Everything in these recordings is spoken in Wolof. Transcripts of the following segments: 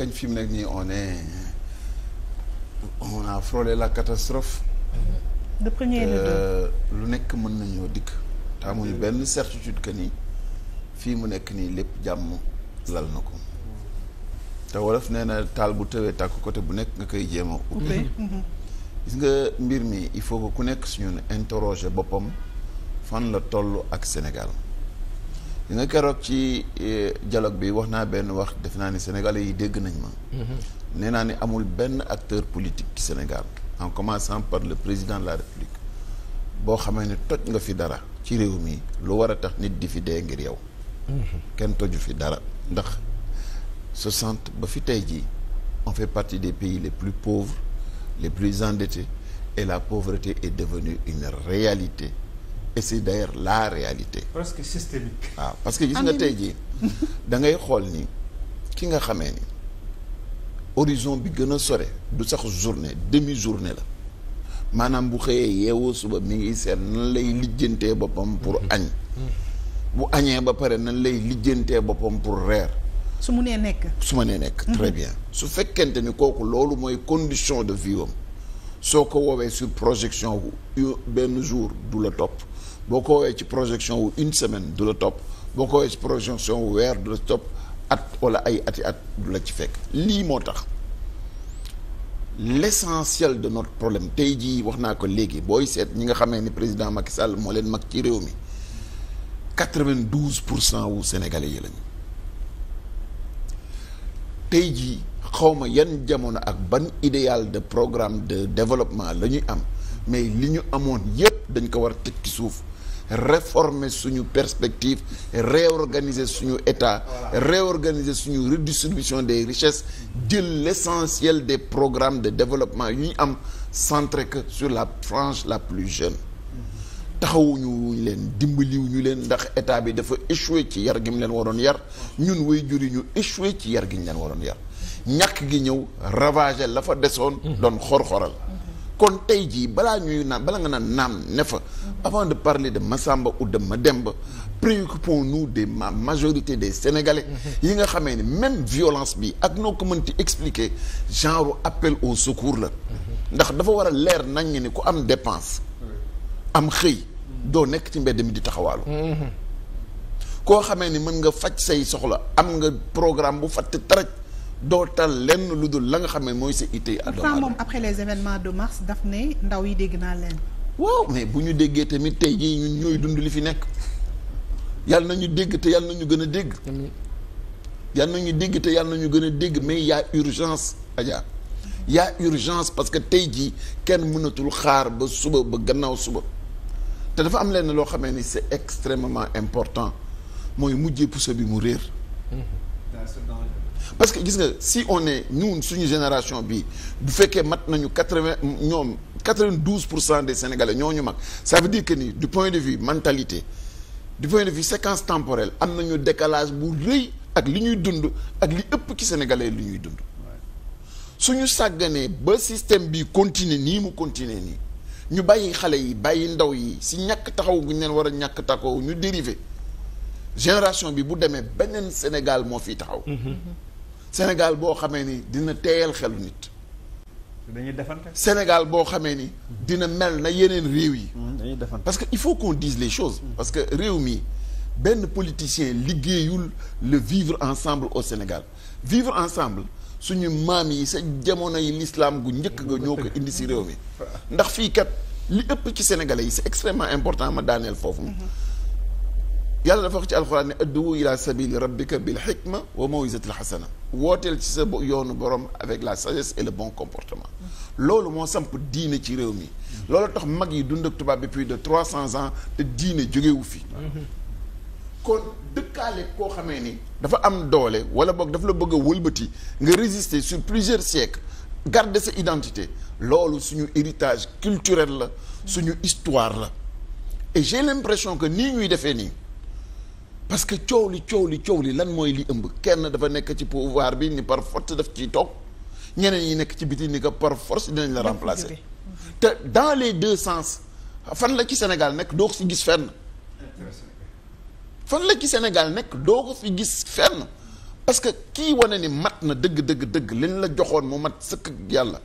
kañ fi mu nekk nii on est la catastrophe. le euh, lu nekk mën nañoo dikk. te benn certitude que ni fii mu nekk nii lépp jàmm lal na ko. te wolof nee na taal bu tewee tàkk côté bu nekk nga koy jéem a. gis nga mbir mi il faut que ku nekk suñu interroger boppam fan la toll ak Sénégal. li nga keroog ci eh, dialogue bi wax naa benn wax def naa ni sénégalais yi dégg nañ ma. Mm-hmm. nee naa ni amul benn acteur politique ci Sénégal en commençant par le président de la République boo xamee ne toj nga fi dara ci réew mi lu war a tax nit di fi dee ngir yow. Mm-hmm. kenn toju fi dara ndax soixante ba fi tey jii on fait partie des pays les plus pauvres les plus endettés et la pauvreté et devenue une réalité. et c'est d'ailleurs la réalité. presque systémique. waaw ah, parce que gis nga tey ji da ngay xool ni ki nga xamee ni horizon bi gën a sore du sax journée demi journée la maanaam bu xëyee yeewoo suba mi ngi seen nan lay lijjantee boppam pour mm-hmm. añ. Mm-hmm. bu añee ba pare nan lay lijjantee boppam pour reer. su mu nee nekk. su ma nee nekk. Mm-hmm. su fekkente ni kooku loolu mooy condition de vie soo ko woowee sur projection wu benn jour du la topp boo ko woowee ci projection wu une semaine du la topp boo ko woowee ci projection wu weer du la topp at wala ay ati at du la ci fekk lii moo tax l'essentiel de notre problème tey jii wax naa ko léegi booy seet ñi nga xamee ni président Macky Sall moo leen mag ci réew mi 92 pour cent wu Sénégalais yi lañu tey jii xawma yan jamono ak ban idéal de programme de développement lañuy am mais li ñu amoon yépp dañ ko war a teg ci suuf réformer suñu perspective réorganiser suñu état réorganiser suñu redistribution des richesses jël l'essentiel des programme de développement yu ñu am centre que sur la frange la plus jeune taxawuñu leen dimbaliwuñu leen ndax état bi dafa échoué ci yar gi mu leen waroon yar ñun way juriñu ñu ci yar gi ñu leen waroon yar ñàkk gi ñëw ravager la fa desoon mhm. doon xor-xoral kon tey jii balaa ñuy naan bala nga naan naam ne fa mhm. avant de parler de Massamba ou de Mademba préoccupons-nous des ma majorité des Sénégalais mhm. yi nga xamee ne même violence bi ak noo ko mënti expliquer genre appel au secours la ndax dafa war a leer nañ ni ku am dépense am xëy doo nekk ci mbedd mi di taxawaalu koo xamee ni mën nga faj say soxla am nga programme bu fatt taraj doo tal lenn lu dul la nga xam ne mooy sa ittee. pourtant moom après les événements de mars daf ne ndaw yi dégg naa leen. waaw mais bu ñu déggee tamit tey jii ñun ñooy dund li fi nekk yàlla na ñu dégg te yàlla na ñu gën a dégg. yàlla na yàlla na ñu gën a dégg mais y' a urgence Adja y' a urgence parce que tey jii kenn mënatul xaar ba suba ba gannaaw suba te dafa am lenn loo xamee ni c' est extrêmement important mooy mujjee puso bi mu réer. parce que gis nga si on est ñun suñu génération bi bu fekkee mat nañu quatre-vingt ñoom quatre-vingt-douze pour cent des sénégalais ñoo ñu mag ça veut que ni du point de vue mentalité du point de vue séquence temporelle am nañu décalage bu rëy ak li ñuy dund ak li ëpp ci sénégalais li ñuy dund. suñu sàgganee ba système bi continuer nii mu continuer nii ñu bàyyi xale yi bàyyi ndaw yi si ñàkk taxaw gu ñu leen war a ñàkk taxaw ñu dérivé génération bi bu demee beneen Sénégal moo fiy taxaw. Mm-hmm. Sénégal boo xamee ni dina teeyal xelu nit. dañuy defante. Sénégal boo xamee ni dina mel na yeneen réew yi. Hmm, dañuy defante parce que il faut qu'on dise les choses. Hmm. parce que réew mi benn politicien liggéeyul le vivre ensemble au Sénégal vivre ensemble suñu maam yi sa jamono yi l'islam gu njëkk nga ñoo ko indi si réew mi. Hmm. ndax fii kat li ëpp ci sénégalais yi c'est extrêmement important ma daaneel foofu. yàlla dafa wax ci alxuraan ne adduwu ila sabili rabbika bil xikma wa mawisatil xasana wooteel ci sa yoonu borom avec la sagesse et le bon comportement loolu moo samp diine ci réew mi loolu tax mag yi dund ak tubaab bi plus de trois cents ans te diine jógewu fi kon dëkkaale koo xamee ni dafa am doole wala boog dafa la bëgg a wëlbati nga résister sur plusieurs siècles garder sa identité loolu suñu héritage culturel la suñu histoire la et j'ai l'impression que nii ñuy defee nii parce que coow li coow li coow li lan mooy li ëmb kenn dafa nekk ci pouvoir bi ni par force def ciy toog ñeneen yi nekk ci biti ni que par force dinañ la remplacer mm-hmm. te dans les deux sens fan la ci Sénégal nekk doo ko fi gis fenn fan la ci Sénégal nekk doo ko fi gis fenn parce que kii wane ni mat na dëgg dëgg dëgg liñ la joxoon mu mat sëkk yàlla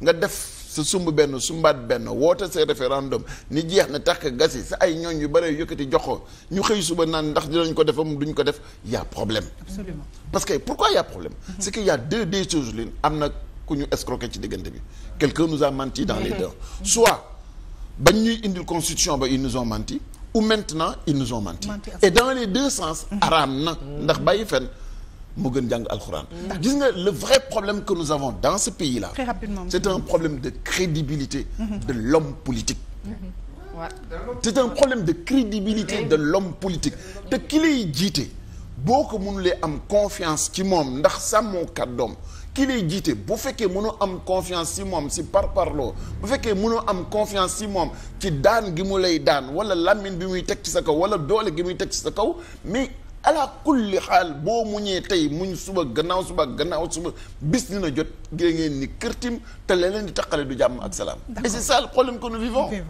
nga def sa sumb benn sumbaat benn woote sa référendum ni jeex na tàkk gasi sa ay ñooñ yu bare yëkkati joxo ñu xëy suba naan ndax dinañ ko defam duñ ko def y a problème parce que pourquoi y a problème mm-hmm. c'est que y a deux des am na ku ñu escroqué ci diggante bi quelqu'un nous a menti dans les mm-hmm. deux soit bañ ñuy indil constitution ba ils nous ont menti ou maintenant ils nous ont menti et dans les deux sens mm-hmm. araam na ndax bàyyi fen moo gën jàng alxuraan. gis nga le vrai problème que nous avons dans ce pays là. très rapidement c'est problème de crédibilité. Mhm. de l'homme politique. c'est un problème de crédibilité de l'homme politique te ki lay jiite boo ko mënulee am confiance ci moom ndax sàmmookat doom ki lay jiite bu fekkee mënoo am confiance ci moom si par parparloo bu fekkee mënoo am confiance ci moom ci daan gi mu lay daan wala làmmiñ bi muy teg ci sa kaw wala doole gi muy teg ci sa kaw ala kulli xaal boo muñee tey muñ suba gannaaw suba gannaaw suba bis dina jot ngeen ngeen ni kërtim te leneen di taqale du jàmm ak salaam et c'est ça le problème que